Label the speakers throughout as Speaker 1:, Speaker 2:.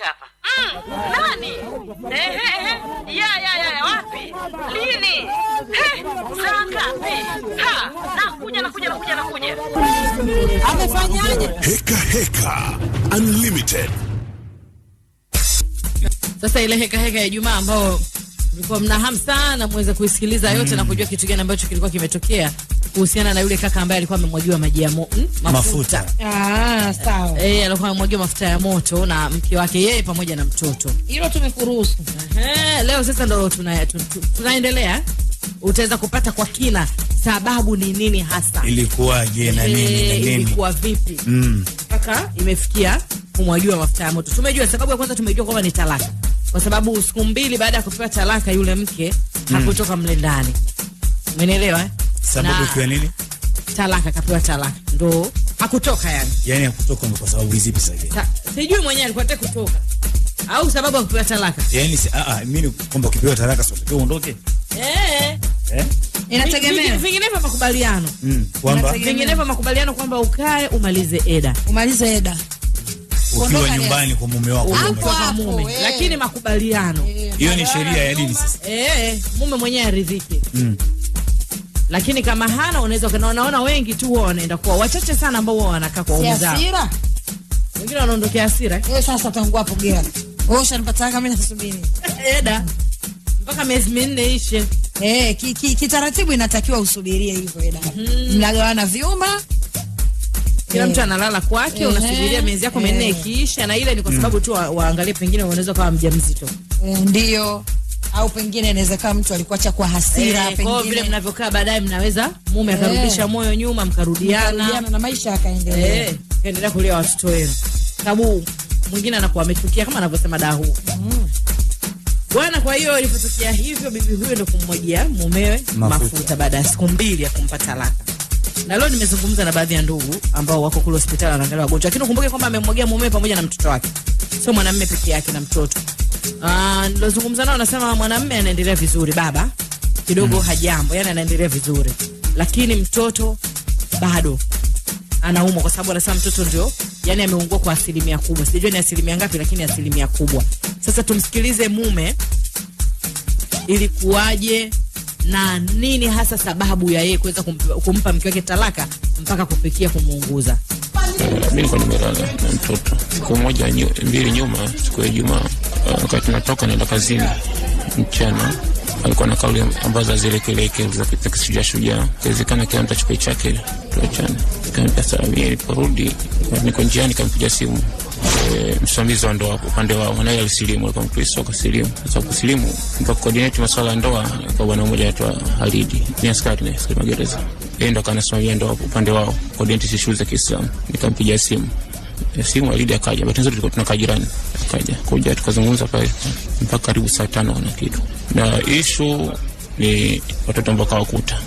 Speaker 1: Mike hapa. Mm, nani? Eh, eh, eh. Ya, ya, ya, wapi? Lini? Eh, ha,
Speaker 2: Amefanyaje? Heka Heka Unlimited.
Speaker 1: Sasa ile heka heka ya Ijumaa ambao mlikuwa mna hamu sana muweze kuisikiliza yote mm, na kujua kitu gani ambacho kilikuwa kimetokea kuhusiana na yule kaka ambaye alikuwa amemwagiwa maji ya mo,
Speaker 3: mm, mafuta, mafuta.
Speaker 2: Ah, sawa
Speaker 1: eh, eh, alikuwa amemwagiwa mafuta ya moto na mke wake yeye pamoja na mtoto.
Speaker 2: Hilo tumekuruhusu.
Speaker 1: Eh, leo sasa ndio tuna, tuna, tunaendelea utaweza kupata kwa kina sababu ni nini hasa
Speaker 3: ilikuwaje na eh, nini na nini
Speaker 1: ilikuwa vipi Mm. mm, imefikia kumwagiwa mafuta ya moto. Tumejua sababu ya kwanza, tumejua kwamba ni talaka kwa sababu siku mbili baada ya kupewa talaka yule mke mm. hakutoka mle ndani, umenielewa eh?
Speaker 3: Sababu kwa nini
Speaker 1: talaka? Kapewa talaka ndo hakutoka yani,
Speaker 3: yani hakutoka kwa sababu hizi pesa hizi,
Speaker 1: sijui mwenyewe alikuwa anataka kutoka au sababu ya kupewa talaka.
Speaker 3: Yani a a, ah, ah, mimi kwamba ukipewa talaka sio kwa uondoke eh eh,
Speaker 1: inategemea vinginevyo makubaliano
Speaker 3: mm, kwamba
Speaker 1: vinginevyo makubaliano kwamba ukae umalize eda,
Speaker 2: umalize eda
Speaker 3: ukiwa nyumbani kwa mume wako
Speaker 2: mume, eh. lakini makubaliano
Speaker 3: hiyo ni sheria ya dini. Sasa
Speaker 1: eh, eh mume mwenyewe aridhike mm. Lakini kama hana unaweza unaona, wengi tu wao wanaenda kwa wachache sana ambao wao wanakaa kwa waume zao, wengine wanaondokea hasira.
Speaker 2: Eh, sasa tangu hapo gea wewe ushanipataka mimi nasubiri
Speaker 1: eda eh, mpaka miezi minne ishe.
Speaker 2: Eh, kitaratibu ki, ki inatakiwa usubirie hivyo eda, mhm. mnagawana mm -hmm. vyuma
Speaker 1: kila mtu eh. analala kwake, unasubiria eh. miezi yako minne eh. ikiisha, na ile ni kwa mm. sababu tu waangalie pengine unaweza kuwa mjamzito
Speaker 2: ndio au pengine inaweza kama mtu alikuwa cha kwa hasira hey,
Speaker 1: pengine kwa vile mnavyokaa baadaye, mnaweza mume akarudisha hey, moyo nyuma, mkarudiana
Speaker 2: na maisha yakaendelea, hey,
Speaker 1: kaendelea kulia watoto wenu. Sababu mwingine anakuwa amechukia kama anavyosema da huo mm. Bwana, kwa hiyo ilipotokea hivyo, bibi huyo ndo kummwagia mumewe mafuta, mafuta baada ya siku mbili ya kumpata talaka. Na leo nimezungumza na baadhi ya ndugu ambao wako kule hospitali wanaangalia wagonjwa, lakini ukumbuke kwamba amemwagia mume pamoja na mtoto wake, sio mwanamume peke yake na mtoto. Ah, nilozungumza nao nasema mwanamume anaendelea vizuri, baba kidogo mm, hajambo, yani anaendelea vizuri, lakini mtoto bado anaumwa kwa sababu anasema mtoto ndio yani ameungua kwa asilimia kubwa. sijui ni asilimia ngapi, lakini asilimia kubwa. Sasa tumsikilize mume, ilikuwaje na nini hasa sababu ya yeye kuweza kumpa, kumpa mke wake talaka mpaka kufikia kumuunguza.
Speaker 4: Mimi nilikuwa nimelala na mtoto siku moja mbili nyuma, siku ya Ijumaa, eh, wakati natoka naenda kazini mchana alikuwa na kauli ambazo azilekeleke za kishujaa shujaa, kiwezekana kila mtu achukue chake, tuachane. Kanipa sawa. niliporudi niko njiani, kampiga simu Eh, msimamizi wa ndoa upande wao, mwanae alisilimu, alikuwa Mkristo akasilimu. Sasa kusilimu ndo kukoordineti masuala ya ndoa kwa bwana mmoja anaitwa Halidi ni askari na askari magereza, yeye ndo akanasimamia ndoa upande wao, coordinate shughuli za Kiislamu. Nikampigia simu eh, simu Alidi akaja, bahati nzuri tulikuwa tunakaa jirani, akaja kuja tukazungumza pale mpaka karibu saa tano na kitu, na ishu ni watoto ambao kawakuta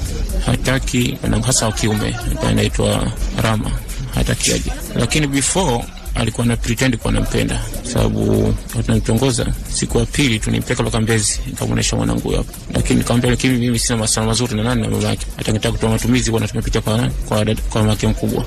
Speaker 4: hataki, hasa wa kiume anaitwa Rama hataki aje, lakini before alikuwa na pretend kuwa nampenda sababu tunanitongoza siku ya pili tunipeka loka Mbezi, nikamuonesha mwanangu hapo, lakini nikamwambia, lakini mimi sina masala mazuri na nani na mama yake, hata nitaka kutoa matumizi bwana, tumepita kwa kwa kwa mama yake mkubwa.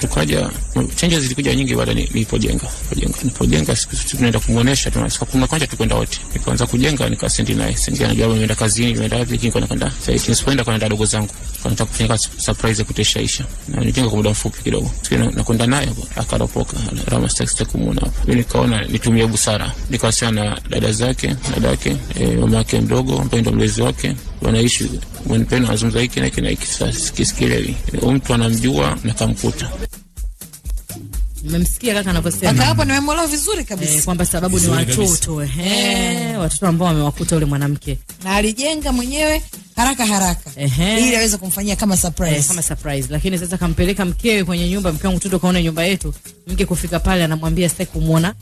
Speaker 4: Tukaja changes zilikuja nyingi baada nilipojenga kujenga nilipojenga, siku tunaenda kumuonesha, tunasika kuna kwanza tukwenda wote, nikaanza kujenga, nikasendi naye sendi na jamaa, nimeenda kazini, nimeenda wapi, lakini kwa nakanda sasa, nisipoenda kwa ndugu zangu kwa nataka kufanya surprise kutesha Aisha na nitenga kwa muda mfupi kidogo, tukaenda nakwenda naye hapo, akaropoka rama stakes takumuona hapo, mimi nikaona nitumie busara. Nikawasiliana na dada zake, dada yake, e, mama yake mdogo, mpendo mlezi wake, wanaishi wanipenda, wanazungumza hiki na hiki na hiki, kisikileli mtu anamjua na kamkuta
Speaker 1: Mmemsikia kaka anavyosema.
Speaker 2: Kaka hapo nimemwelewa vizuri kabisa.
Speaker 1: Eh, kwamba sababu ni watoto eh, eh, watoto ambao wamewakuta yule mwanamke.
Speaker 2: Na alijenga mwenyewe haraka haraka ili aweze kumfanyia kama surprise. Eh,
Speaker 1: kama surprise. Lakini sasa kampeleka mkewe kwenye nyumba, mke wangu mtoto kaona nyumba yetu. Mke kufika pale anamwambia sitaki kumuona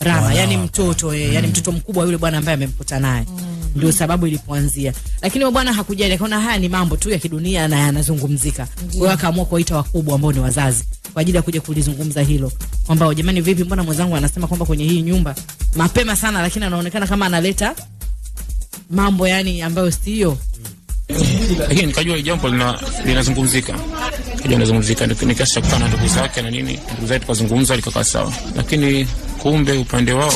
Speaker 1: Rama, yani mtoto eh, yani mm. mtoto mkubwa yule bwana ambaye amemkuta naye. mm. Ndio sababu ilipoanzia. Lakini bwana hakujali, akaona haya ni mambo tu ya kidunia na yanazungumzika. Kwa hiyo akaamua kuwaita wakubwa ambao ni wazazi kwa ajili ya kuja kulizungumza hilo kwamba oh, jamani, vipi, mbona mwenzangu anasema kwamba kwenye hii nyumba mapema sana, lakini anaonekana kama analeta mambo yani ambayo sio.
Speaker 4: Lakini nikajua jambo linazungumzika kaja linazungumzika, nikasha kukana na ndugu zake na nini, ndugu zake tukazungumza, likakaa sawa, lakini kumbe upande wao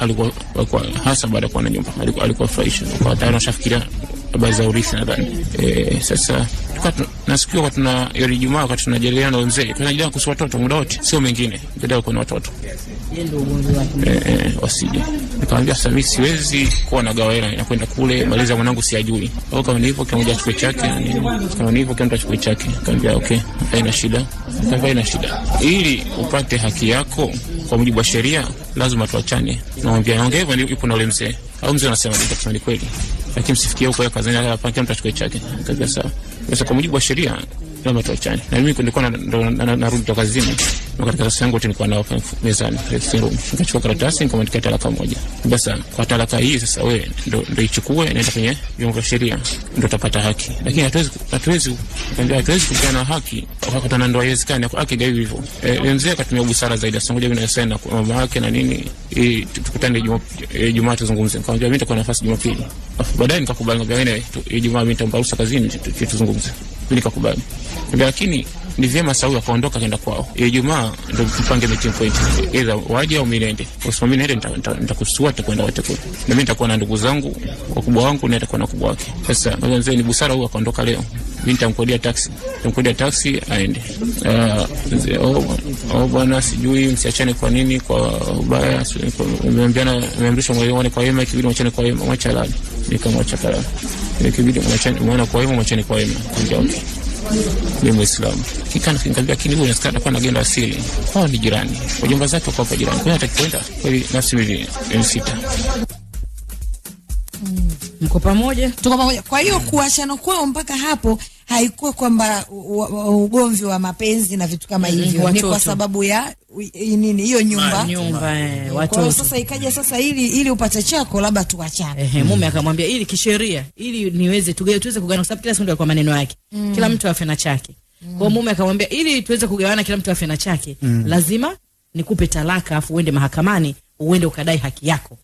Speaker 4: alikuwa hasa baada ya kuwa na nyumba alikuwa alikuwa kwa tayari washafikiria habari za urithi nadhani. Eh, sasa nasikia kwa tuna yori wakati tunajadiliana na tunajadiliana kuhusu watoto muda wote, sio mengine, watoto eh, wasije. Nikamwambia sasa mimi siwezi kuwa na gawa hela kule maliza mwanangu au kama chukue chake, kama chake. Nikamwambia okay, haina shida, haina shida, ili upate haki yako kwa mujibu wa sheria lazima tuachane. Namwambia naongea hivyo, ipo na ule mzee au mzee anasema nitasema ni kweli, lakini msifikie huko, kazani hapa kila mtu achukue chake. Kaza sawa. Sasa kwa mujibu wa sheria vyombo vya na mimi nilikuwa narudi toka kazini, na katika karatasi nilikuwa nao mezani, nikachukua karatasi nikaandika talaka moja. Basi kwa talaka hii sasa, wewe ndo ndo ichukue, naenda kwenye vyombo vya sheria, ndo utapata haki, lakini hatuwezi hatuwezi hatuwezi kupigana haki wakati na ndoa haiwezekani, haki gaivi hivyo. E, e, mzee akatumia busara zaidi, asingoje mimi nasema na mama yake na nini, e, tukutane Ijumaa e, tuzungumze. Nikamwambia mimi nitakuwa nafasi Jumapili, baadaye nikakubali, ngambia wewe Ijumaa e, mimi nitambarusa kazini tuzungumze likakubali, lakini ni vyema Sauli akaondoka kenda kwao. Ijumaa ndo tupange meeting point, either waje au milende. Usimami naende nitakusua takwenda wote kule, na mimi nitakuwa na ndugu zangu wakubwa wangu na nitakuwa na kubwa wake. Sasa mzee ni busara huyu akaondoka leo, mimi nitamkodia taksi, nitamkodia taksi aende. Uh, bwana sijui msiachane kwa nini, kwa ubaya umeambiana, umeamrishwa mwalimu kwa yema, ikibidi mwachane kwa yema, mwacha lali nikamwacha halali ikibidi mwana kwa wema mwachane kwa wema mjauke ni Muislamu kikana kingalia kinibu nasikia atakuwa na gendo asili kwa ni jirani wajomba zake wako hapa jirani, kwa atakwenda kweli nafsi mbili msita
Speaker 1: mm. mko pamoja,
Speaker 2: tuko pamoja. Kwa hiyo kuachana kwao mpaka hapo haikuwa kwamba ugomvi wa mapenzi na vitu kama eh, hivyo, ni kwa sababu ya nini hiyo nyumba,
Speaker 1: nyumba eh, watoto.
Speaker 2: Sasa ikaja sasa, ili ili upate chako labda tuachane.
Speaker 1: Ehe, mume akamwambia ili kisheria, ili niweze tugawe, tuweze kugawana, kwa sababu kila siku ndio kwa maneno yake, mm. kila mtu afe na chake. Mm. Kwa mume akamwambia ili tuweze kugawana, kila mtu afe na chake, mm. lazima nikupe talaka, afu uende mahakamani, uende ukadai haki yako.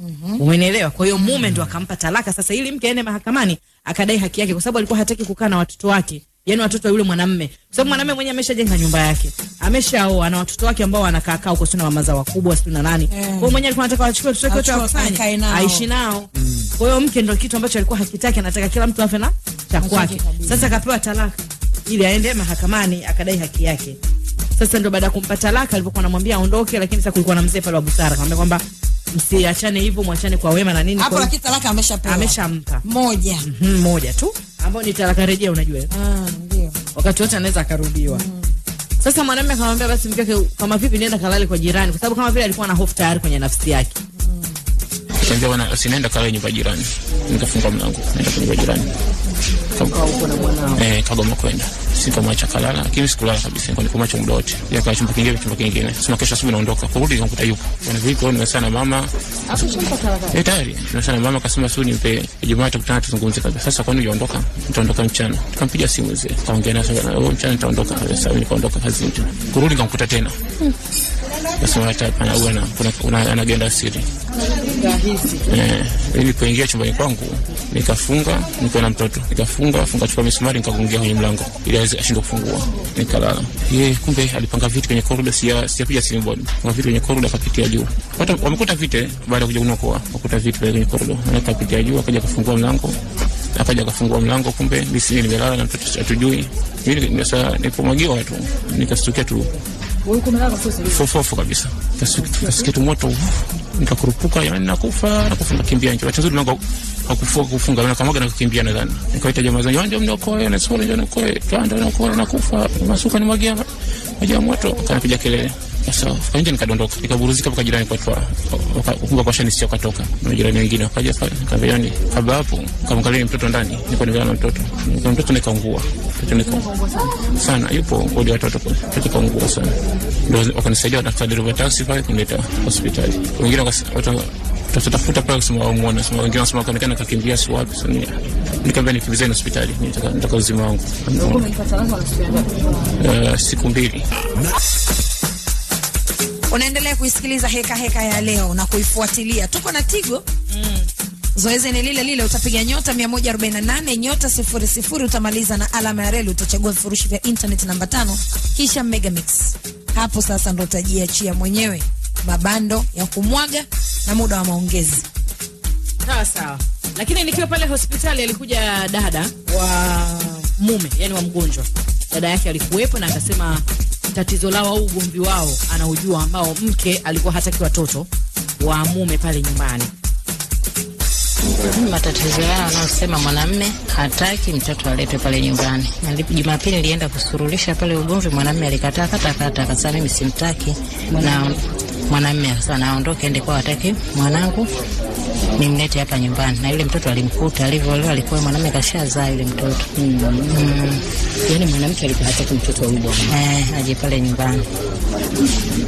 Speaker 1: Mm -hmm. Umenielewa? Kwa hiyo mume mm -hmm. ndo akampa talaka sasa ili mke aende mahakamani akadai haki yake kwa sababu alikuwa hataki kukaa na watoto wake. Yaani watoto wa yule mwanamume. Kwa sababu mwanamume mwenyewe ameshajenga nyumba yake. Ameshaoa na watoto wake ambao wanakaa kaa huko sio mama za wakubwa sio na nani. Mm. Kwa hiyo mwenyewe alikuwa anataka wachukue watoto wake
Speaker 2: wote wafanye
Speaker 1: aishi nao. Mm. Kwa hiyo mke ndo kitu ambacho alikuwa hakitaki, anataka kila mtu afe na cha kwake. Sasa akapewa talaka ili aende mahakamani akadai haki yake. Sasa ndo baada ya kumpa talaka alipokuwa anamwambia aondoke, lakini sasa kulikuwa na mzee pale wa busara akamwambia kwamba msiachane hivyo, mwachane kwa wema na nini.
Speaker 2: Hapo lakini talaka ameshapewa,
Speaker 1: ameshampa moja mm -hmm, moja tu ambayo ni talaka rejea, unajua
Speaker 2: ah, ndio
Speaker 1: wakati wote anaweza akarudiwa mm. Sasa mwanamume akamwambia basi mke kama vipi, nienda kalale kwa jirani, kwa sababu kama vile alikuwa na hofu tayari kwenye nafsi yake
Speaker 4: Kwanza bwana, usinaenda kale nyumba jirani. Nikafunga mlango, naenda kwa
Speaker 2: nyumba
Speaker 4: eh, Kagoma kwenda sita mwacha kalala, lakini sikulala kabisa, kwa niko macho muda wote. Ndio kwa chumba kingine chumba kingine, sema kesho asubuhi naondoka, kurudi nikamkuta yupo. Bwana Viko nimesana mama
Speaker 2: hapo chumba kalala,
Speaker 4: eh tayari nimesana mama, kasema sio nipe Ijumaa kutana tuzungumze kabisa. Sasa kwani unaondoka? Nitaondoka mchana. Tukampiga simu zile, kaongea naye sana, wewe mchana nitaondoka. Sasa nikaondoka kazi, kurudi nikamkuta tena hmm basi una anagenda siri eh. kuingia chumbani kwangu nikafunga, niko na mtoto nikafunga funga, chupa misumari nikagongia kwenye mlango ili aweze ashindwe kufungua, nikalala. Yeye kumbe alipanga vitu kwenye korido, sia sia kuja simu board, kuna vitu kwenye korido akapitia juu, hata wamekuta vite baada ya kuja kunokoa, wakuta vitu kwenye korido, akapitia juu akaja kufungua mlango akaja akafungua mlango, kumbe mimi nimelala na mtoto atujui Mimi sasa nilipomwagiwa tu nikastukia tu fofofo kabisa, kasikitu moto nikakurupuka, yaani nakufa nakufa, nakimbia nje. Bahati nzuri mlango hakufunga kufunga, na kamaga nikakimbia nadhani, nikaita jamaa zangu, njoo mniokoe, yaani na sio njoo niokoe, kanda nakufa, masuka ni magia maji ya moto, kanapiga kelele So, nje nikadondoka nikaburuzika mpaka jirani kwa kumbe kwa shani sio katoka na jirani wengine wakaja pale yani, kabla hapo kamkalia mtoto ndani, niko nivaa na mtoto kwa mtoto nikaungua, mtoto nikaungua sana, yupo wodi watoto kwa mtoto kaungua sana, ndio wakanisaidia daktari wa taxi pale kunileta hospitali, wengine wakato tutatafuta pale kusema au muone sema wengine wanasema kaonekana kakimbia si wapi sasa ni nikimbizeni hospitali nitaka uzima wangu. Eh, siku mbili.
Speaker 1: Unaendelea kuisikiliza heka heka ya leo na kuifuatilia. Tuko na Tigo. Mm. Zoezi ni lile lile, utapiga nyota 148 nyota 00 utamaliza na alama ya reli, utachagua vifurushi vya internet namba tano, kisha megamix Hapo sasa ndo utajiachia mwenyewe mabando ya kumwaga na muda wa maongezi. Sawa sawa. Lakini nikiwa pale hospitali alikuja dada wa mume, yani wa mgonjwa. Dada yake alikuwepo na akasema tatizo lao au ugomvi wao anaujua, ambao mke alikuwa hataki watoto wa mume pale nyumbani.
Speaker 5: Matatizo yao anaosema mwanamme hataki mtoto aletwe pale nyumbani. Jumapili nilienda kusurulisha pale ugomvi, mwanamme alikataa katakata, akasema mimi simtaki na mwanamme sana aondoke ende kwa watake mwanangu nimlete hapa nyumbani, na yule mtoto alimkuta alivyoolewa, alikuwa mwanamume kashazaa yule mtoto
Speaker 2: mm. mm.
Speaker 1: Yani mwanamke alikuwa hataki mtoto wa
Speaker 5: eh, aje pale nyumbani.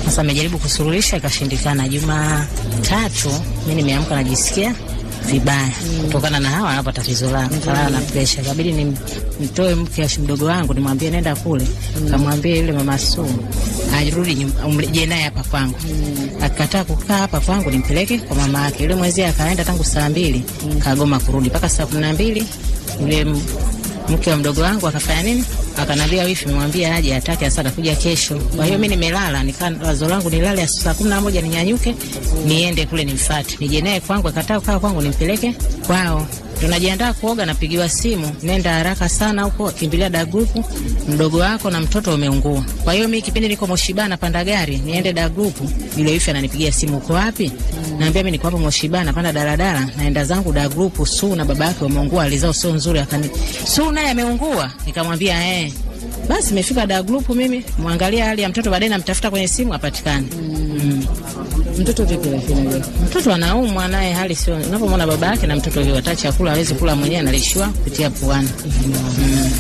Speaker 5: Sasa amejaribu kusuluhisha, ikashindikana. Jumatatu mimi nimeamka najisikia vibaya kutokana na hawa hapa tatizo langu kalala na presha, kabidi ni mtoe mke ashi mdogo wangu nimwambie nenda kule, kamwambie yule mama sumu ajirudi umrejee naye hapa kwangu. Akikataa kukaa hapa kwangu nimpeleke kwa mama yake. Yule mwezi akaenda tangu saa mbili kagoma kurudi mpaka saa kumi na mbili yule mke wa mdogo wangu akafanya nini, akanambia wifi, nimwambia aje, atake hasa, atakuja kesho. Kwa hiyo mimi nimelala, nikaa wazo langu nilale, saa kumi na moja ninyanyuke niende kule nimfuate, nije naye kwangu, akataa kukaa kwangu, nimpeleke kwao tunajiandaa kuoga, napigiwa simu, nenda haraka sana huko, kimbilia da mdogo wako na mtoto umeungua. Kwa hiyo mi kipindi niko Moshiba napanda gari niende da grupu, yule ananipigia simu, uko wapi? Naambia mi niko hapo Moshiba napanda daladala naenda zangu da suu Su na baba yake umeungua, alizao sio nzuri, akani Su naye ameungua, nikamwambia eh basi mefika da group mimi, mwangalia hali ya mtoto, baadaye namtafuta kwenye simu apatikane.
Speaker 2: Mm. Mtoto vipi lakini leo?
Speaker 5: Mtoto anaumwa naye hali sio. Unapomwona baba yake na mtoto leo hata chakula hawezi kula mwenyewe analishwa kupitia puani.
Speaker 2: Mm.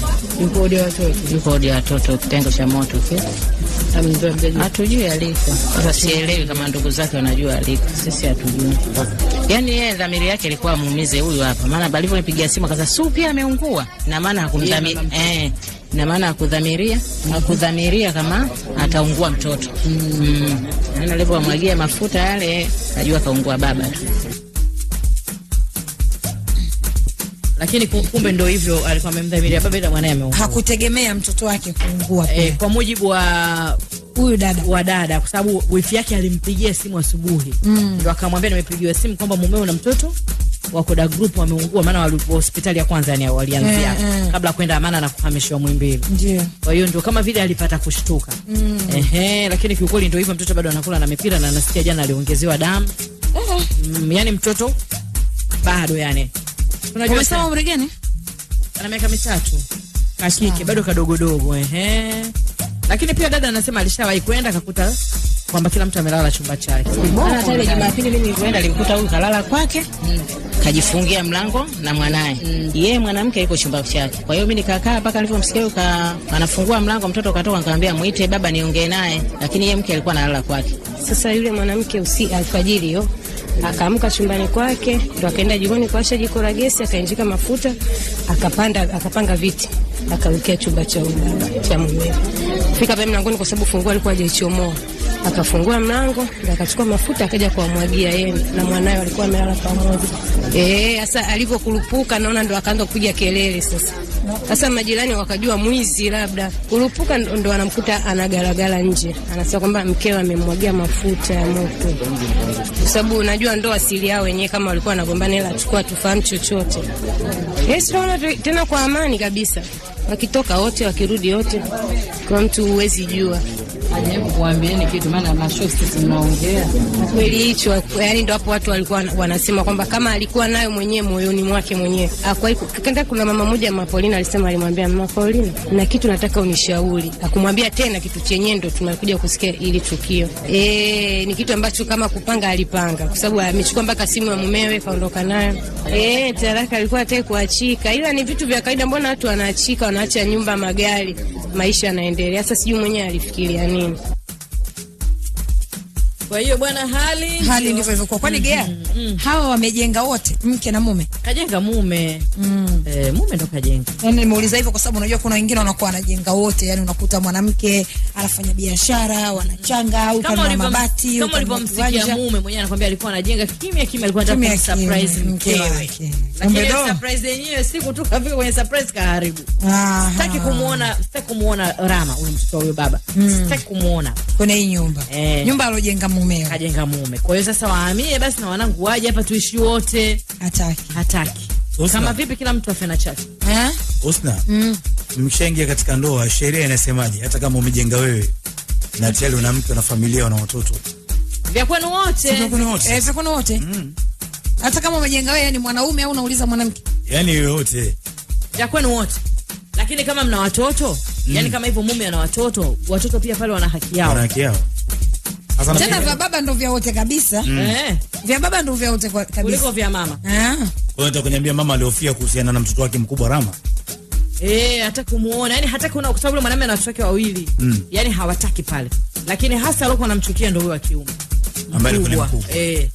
Speaker 2: Yuko hodi watoto.
Speaker 5: Yuko hodi watoto kitengo cha moto kile. Hatujui aliko. Sasa sielewi kama ndugu zake wanajua aliko. Sisi hatujui. Yaani yeye dhamiri yake ilikuwa muumize huyu hapa. Maana balivyo nipigia simu akasema supi ameungua. Na maana hakumdhamini. Eh na maana akudhamiria akudhamiria kama ataungua mtoto
Speaker 2: mm.
Speaker 5: amwagia yaani mafuta yale, najua kaungua baba tu
Speaker 1: lakini kumbe ndo hivyo, alikuwa amemdhamiria baba, ila mwanae ameungua.
Speaker 2: Hakutegemea mtoto wake kuungua
Speaker 1: e, kwa mujibu wa huyu dada wa dada, kwa sababu wifi yake alimpigia simu asubuhi mm. Ndo akamwambia nimepigiwa simu kwamba mumeo na mtoto wakoda group wameungua, maana walikuwa hospitali ya kwanza ni walianzia eh, yeah, yeah. kabla kwenda maana na kuhamishwa Mwimbili. Ndio. Kwa hiyo ndio kama vile alipata kushtuka. Mm. Ehe, lakini kiukweli ndio hivyo, mtoto bado anakula na mipira na nasikia jana aliongezewa damu. Eh. Mm, yani mtoto bado yani.
Speaker 2: Unajua umesema umri gani?
Speaker 1: Ana miaka mitatu. Kakike ah. bado kadogodogo, ehe. Lakini pia dada anasema alishawahi kwenda akakuta kwamba kila mtu amelala chumba chake.
Speaker 5: Hata ile Jumapili mimi nilipoenda nilikuta huyu kalala kwake mm. kajifungia mlango na mwanae mm. yeye mwanamke yuko chumba chake. Kwa hiyo mimi nikakaa mpaka nilipomsikia huyu anafungua mlango, mtoto akatoka, nikamwambia muite baba niongee naye, lakini yeye mke alikuwa analala kwake.
Speaker 2: Sasa yule mwanamke usi alfajiri hiyo akaamka chumbani kwake, ndo akaenda jikoni kuasha jiko la gesi, akainjika mafuta, akapanda akapanga viti, akawekia chumba cha cha mume. Fika pale mlangoni, kwa sababu funguo alikuwa hajaichomoa akafungua mlango akachukua mafuta akaja kuwamwagia yeye na mwanaye, walikuwa amelala pamoja. Eh, sasa alivyokurupuka naona ndo akaanza kupiga kelele sasa. Sasa majirani wakajua mwizi labda. Kurupuka ndo anamkuta anagaragara nje. Anasema kwamba mkewe amemwagia mafuta ya moto. Kwa sababu unajua ndo asili yao wenyewe kama walikuwa wanagombana ila chukua tufahamu chochote. Yes, eh, tena kwa amani kabisa. Wakitoka wote wakirudi wote. Kwa mtu huwezi jua
Speaker 5: ajaribu kuambieni kitu, maana masho sisi tunaongea kweli. Hicho yani ndo hapo watu walikuwa wanasema kwamba kama alikuwa nayo mwenyewe moyoni mwake mwenyewe akenda. Kuna mama moja mama Paulina alisema, alimwambia mama Paulina, na kitu nataka unishauri, akumwambia tena kitu chenyewe, ndo tunakuja kusikia ili tukio e, ni kitu ambacho kama kupanga alipanga, kwa sababu amechukua mpaka simu ya mumewe kaondoka nayo e, eh, taraka alikuwa hataki kuachika, ila ni vitu vya kawaida. Mbona watu wanaachika, wanaacha nyumba, magari, maisha yanaendelea. Sasa sijui mwenyewe alifikiria nini. teams
Speaker 1: Kwa hiyo bwana, hali
Speaker 2: hali ndivyo ilivyokuwa. Kwani mm, Gea mm, mm, hawa wamejenga wote, mke na mume.
Speaker 1: Kajenga mume mm. Eh, mume ndo kajenga.
Speaker 2: Yani nimeuliza hivyo kwa sababu unajua kuna wengine wanakuwa wanajenga wote, yani unakuta mwanamke anafanya biashara, wanachanga au kama ni mabati,
Speaker 1: kama ulivyomsikia mume mwenyewe anakuambia alikuwa anajenga kimya kimya, alikuwa anataka surprise mke wake lakini surprise yenyewe siku tu kafika kwenye surprise kaharibu. Sitaki kumuona, sitaki kumuona Rama huyo mtoto wa huyo baba, sitaki kumuona
Speaker 2: kwenye nyumba, eh. nyumba alojenga mume mumeo,
Speaker 1: kajenga mume. Kwa hiyo sasa wahamie basi na wanangu waje hapa tuishi wote. Hataki, hataki. Usna. Kama vipi kila mtu afanye na chati
Speaker 3: eh? Usna mm. Mshaingia katika ndoa, sheria inasemaje? Hata kama umejenga wewe na tele una mke na familia na watoto
Speaker 1: vya kwenu wote, vya kwenu wote, eh, vya kwenu wote mm. Hata kama umejenga wewe, ni mwanaume au unauliza mwanamke,
Speaker 3: yani yoyote
Speaker 1: vya kwenu wote lakini kama mna watoto mm. Yani kama hivyo mume ana watoto, watoto pia pale wana haki yao,
Speaker 3: wana haki yao.
Speaker 2: Tena vya baba ndo vya wote kabisa. Mm. Eh. Vya baba ndo vya wote kabisa.
Speaker 1: Kuliko vya mama.
Speaker 2: Ah.
Speaker 3: Kwa hiyo kuniambia mama aliofia kuhusiana na mtoto wake mkubwa Rama.
Speaker 1: Eh, hata kumuona. Yaani hata kuna kwa sababu mwanamume ana watoto wake wawili. Mm. Yaani hawataki pale. Lakini hasa alikuwa anamchukia ndio huyo wa kiume. Ambaye ni mkubwa. Eh.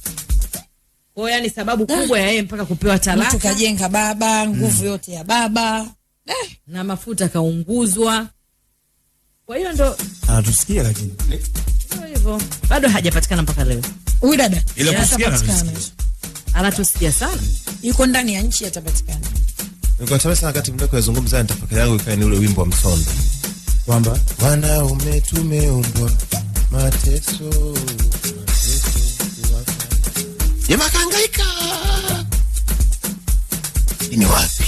Speaker 1: Kwa hiyo yani sababu ah. kubwa ya yeye mpaka kupewa talaka.
Speaker 2: Mtu kajenga baba, nguvu mm. yote ya baba.
Speaker 1: Eh, na mafuta kaunguzwa. Kwa hiyo ndo
Speaker 3: anatusikia lakini
Speaker 1: hivyo bado hajapatikana mpaka leo
Speaker 2: huyu dada,
Speaker 3: ila kusikia
Speaker 1: anatusikia sana,
Speaker 2: yuko ndani ya nchi, atapatikana.
Speaker 3: Nikatamani sana wakati mdako yazungumza, nitapaka yangu ikae ni ule wimbo wa Msonda kwamba wanaume tumeumbwa mateso jamaa kaangaika ni wapi?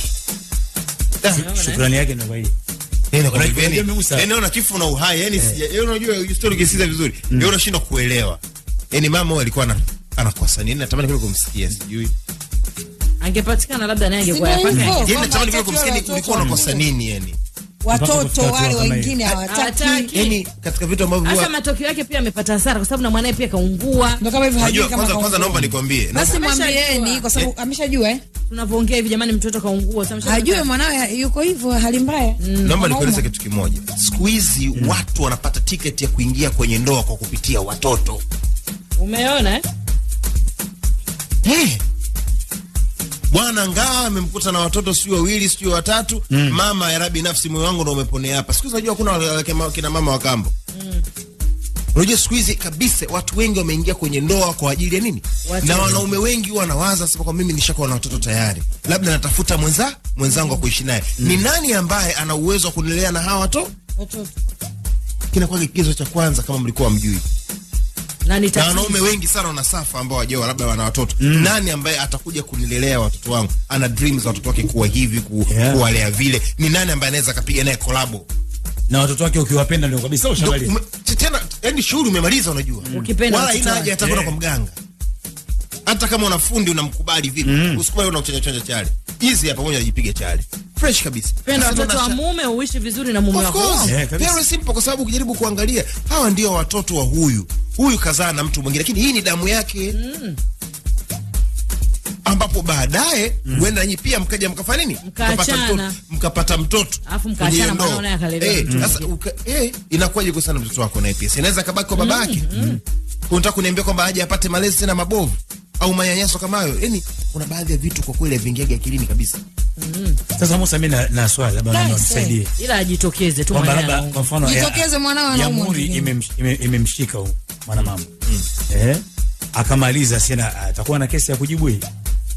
Speaker 1: Shukrani yake ndio hii
Speaker 3: yani ona yaani, kifo na uhai yani eh. yaani, Unajua story kisiza vizuri mm. Unashindwa kuelewa yani mama alikuwa anakosa nini, yaani, natamani kule kumsikia sijui
Speaker 1: angepatikana labda naye angekuwa yafanya.
Speaker 3: Yaani natamani kule kumsikia ni ulikuwa unakosa nini yani.
Speaker 2: Watoto wale wengine hawataki.
Speaker 3: Yaani katika vitu ambavyo
Speaker 1: hasa matokeo yake pia amepata hasara kwa sababu na mwanae pia kaungua.
Speaker 3: Ndio kama hivyo hajui kama kwanza naomba nikwambie.
Speaker 2: Basi mwambieni kwa sababu ameshajua eh
Speaker 1: tunavyoongea hivi, jamani, mtoto kaungua,
Speaker 2: hajui mwanawe yuko hivyo, hali mbaya.
Speaker 3: Mm. Naomba nikueleze kitu kimoja, siku hizi mm. watu wanapata tiketi ya kuingia kwenye ndoa kwa kupitia watoto.
Speaker 1: Umeona eh?
Speaker 3: Hey. Eh. Bwana Ngawa amemkuta na watoto sio wawili sio watatu. Mm. Mama ya rabi nafsi, moyo wangu ndo umeponea hapa. Siku hizi najua kuna kina mama wa kambo. Mm. Unajua siku hizi kabisa watu wengi wameingia kwenye ndoa kwa ajili ya nini? Watu na wanaume wengi huwa wanawaza sasa, kwa mimi nishakuwa na watoto tayari, labda natafuta mwenza mwenzangu wa kuishi naye mm. Ni nani ambaye ana uwezo wa kunilea na hawa watoto? Kinakuwa kigezo cha kwanza, kama mlikuwa mjui na wanaume wengi sana wana safa ambao wajawa labda wana watoto mm. Nani ambaye atakuja kunilelea watoto wangu? Ana dreams watoto wake kuwa hivi ku, yeah. kuwalea vile, ni nani ambaye anaweza akapiga naye kolabo
Speaker 1: na watoto wake? Ukiwapenda ndio kabisa ushamali
Speaker 3: tena yani shughuli umemaliza, unajua
Speaker 1: mm. wala
Speaker 3: ina haja hata kwenda kwa eh. mganga. Hata kama una fundi unamkubali vipi, mm. usikubali una unamchanja chanja chale hizi hapa, moja ajipige chale fresh kabisa.
Speaker 1: Penda watoto wa mume uishi vizuri na mume
Speaker 3: wako, yeah, eh, very simple, kwa sababu ukijaribu kuangalia hawa ndio watoto wa huyu huyu, kazaa na mtu mwingine, lakini hii ni damu yake mm ambapo baadaye huenda mm. Nanyi pia mkaja mkafanya nini,
Speaker 1: mkapata mtoto
Speaker 3: mkapata mtoto
Speaker 1: afu maana
Speaker 3: eh, mm. sasa. Eh, inakuwaje kwa sana mtoto wako naye pia inaweza kabaki kwa mm. babake mm. mm. Unataka kuniambia kwamba aje apate malezi tena mabovu au manyanyaso kama hayo? Yani kuna baadhi ya vitu kwa kweli haviingiagi akilini kabisa. Mm. Sasa Musa, mimi na na swali labda naomba unisaidie.
Speaker 1: Ila ajitokeze
Speaker 3: tu mwanangu. Labda kwa mfano
Speaker 2: jitokeze mwanao na
Speaker 3: jamhuri imemshika ime, ime huyo mwanamama. Mm. Eh? Akamaliza sina atakuwa na kesi ya kujibu hii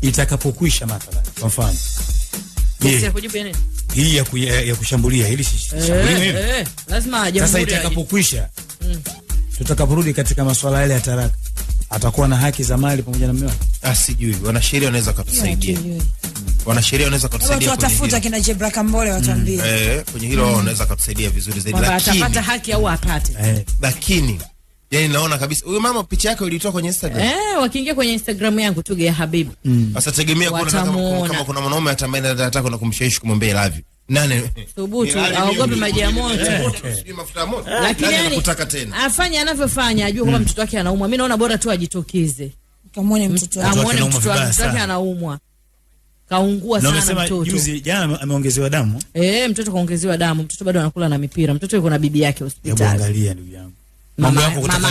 Speaker 3: itakapokwisha mathalan, kwa mfano hii ya, ku, ya, ya kushambulia hili
Speaker 1: eh, eh, lazima aje
Speaker 3: sasa itakapokwisha mm. tutakaporudi katika masuala yale ya taraka, atakuwa na haki za mali pamoja na mume wake. Ah, sijui wanasheria wanaweza kutusaidia wanasheria wanaweza kutusaidia
Speaker 2: kwa watafuta kina Jebra Kambole
Speaker 3: watuambie, mm. eh, kwenye hilo mm. wanaweza kutusaidia vizuri
Speaker 1: zaidi, lakini atapata haki au apate
Speaker 3: eh, lakini yani naona kabisa huyu mama picha yake ulitoa kwenye Instagram.
Speaker 1: Eh, wakiingia kwenye Instagram yangu tu ya
Speaker 3: mm. Sasa tegemea
Speaker 1: kuna kama, kama
Speaker 3: kuna mwanaume atambaye anataka na kumshawishi kumwambia I love you. Nane
Speaker 1: thubutu aogope maji ya moto,
Speaker 3: mafuta moto
Speaker 1: lakini yani tena afanye anavyofanya, ajue kwamba mm. mtoto wake anaumwa. Mimi naona bora tu ajitokeze,
Speaker 2: kamwone mtoto
Speaker 1: wake amwone mtoto wake anaumwa kaungua no, sana mtoto. Juzi
Speaker 3: jana ameongezewa damu
Speaker 1: eh, mtoto kaongezewa damu. Mtoto bado anakula na mipira, mtoto yuko na bibi yake
Speaker 3: hospitali. Ya, angalia ndugu yangu
Speaker 1: mama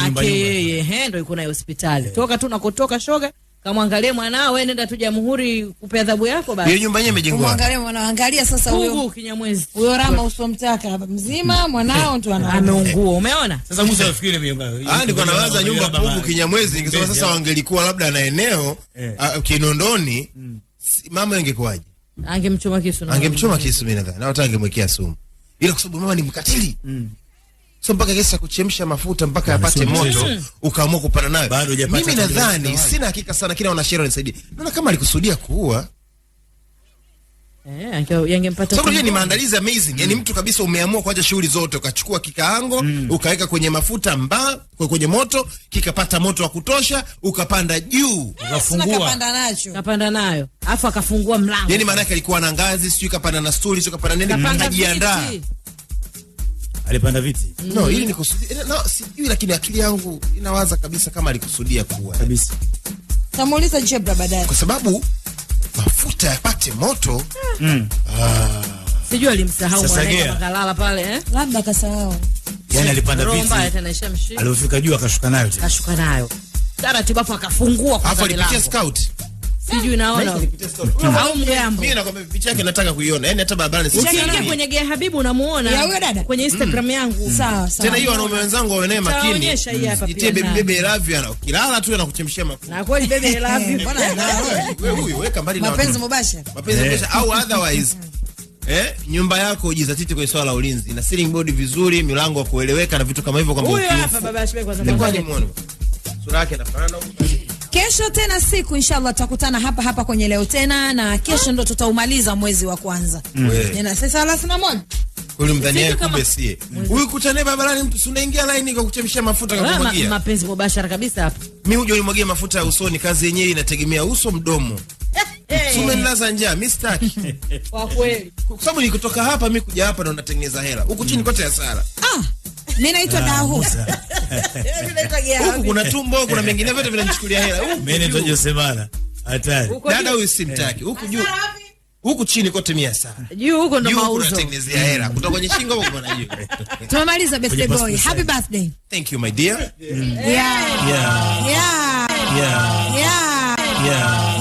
Speaker 1: yake yeye ndio yuko nayo hospitali. yeah. Toka tu nakotoka shoga Kamwangalie mwanao wewe, nenda tu Jamhuri kupe adhabu yako
Speaker 3: basi. Hiyo nyumba yenyewe imejengwa.
Speaker 1: Kamwangalie mwanao, angalia sasa
Speaker 2: huyo huyo Kinyamwezi.
Speaker 1: Huyo Rama usomtaka hapa mzima hmm. mwanao ndo
Speaker 2: ameungua, Umeona?
Speaker 3: Sasa Musa afikiri mimi. Ah, yaani nilikuwa nawaza nyumba Pugu Kinyamwezi ingesema sasa wangelikuwa labda na eneo eh. ah, Kinondoni, hmm. mama ingekuwaje?
Speaker 1: Angemchoma kisu
Speaker 3: na. Angemchoma kisu mimi nadhani. Na hata angemwekea sumu. Ila kwa sababu mama ni mkatili. Hmm so mpaka kesi ya kuchemsha mafuta mpaka yapate ah, moto ukaamua kupanda nayo. Mimi nadhani, sina hakika sana, kila wanasheria wanisaidie, naona kama alikusudia kuua Eh, yangempata. ni maandalizi amazing. Yaani mm. mtu kabisa umeamua kuacha shughuli zote ukachukua kikaango, mm. ukaweka kwenye mafuta mbaa, kwenye moto, kikapata moto wa kutosha, ukapanda juu,
Speaker 1: ukafungua. Kapanda nacho. nayo. Alafu akafungua mlango.
Speaker 3: Yaani maana yake alikuwa na ngazi, sio kapanda na stuli, sio kapanda
Speaker 1: nini, kajiandaa
Speaker 3: alipanda viti mm. No, ili kusudia eh, no, sijui, lakini akili yangu inawaza kabisa kama alikusudia kuwa
Speaker 1: kabisa.
Speaker 2: Tamuuliza Jebra baadaye,
Speaker 3: kwa sababu mafuta yapate moto mm. Ah,
Speaker 1: sijui alimsahau mwanae kalala pale eh,
Speaker 2: labda kasahau.
Speaker 3: Yani alipanda viti, alifika juu akashuka nayo, tena
Speaker 1: akashuka nayo taratibu, afu akafungua
Speaker 3: kwa sababu alipitia scout
Speaker 1: sijui yaani, naona au
Speaker 3: Mimi nakwambia picha yake nataka kuiona, yani hata
Speaker 1: ukiingia kwenye Gea yaani, Habibu unamuona kwenye Instagram mm. yangu.
Speaker 2: Mm. Sawa sawa,
Speaker 3: tena hiyo wanaume wenzangu wawe naye makini, mm. itie love, tu anakuchemshia mafuta
Speaker 1: na kweli love,
Speaker 3: bwana wewe weka mbali
Speaker 2: na mapenzi mapenzi
Speaker 3: eh. au otherwise Eh, nyumba yako ujizatiti kwenye swala la ulinzi na ceiling board vizuri, milango ya kueleweka na vitu kama hivyo.
Speaker 1: Kwamba huyo hapa baba
Speaker 3: Ashbe, kwa sura yake
Speaker 2: inafanana Kesho tena siku inshallah tutakutana hapa hapa kwenye leo tena, na kesho ndo tutaumaliza mwezi wa kwanza mm. na sasa thelathini na moja
Speaker 3: Ukutane barabarani mtu unaingia laini kwa kuchemsha mafuta
Speaker 1: kakumwagia. Ah, mapenzi mubashara kabisa hapa.
Speaker 3: Mimi huja nimwagie mafuta ya usoni, kazi yenyewe inategemea uso, mdomo. Eh, eh. Umenilaza njaa, mimi sitaki.
Speaker 1: Kwa kweli.
Speaker 3: Kwa sababu nikitoka hapa mimi kuja hapa na unatengeneza hela. Huku chini mm. kote hasara.
Speaker 2: Ah. Mimi naitwa ah, Dahu.
Speaker 3: Mimi kuna tumbo, kuna mengine vyote vinanichukulia hela. Mimi naitwa Josemana. Hatari. Dada huyu simtaki. Huku juu. Huku chini kote mia sana. Juu huko ndo mauzo. Tunatengenezea hela. Kutoka kwenye shingo huko bwana juu.
Speaker 2: Tumemaliza birthday boy. Happy birthday.
Speaker 3: Thank you my dear.
Speaker 2: Yeah. Yeah.
Speaker 3: Yeah. Yeah.
Speaker 2: Yeah.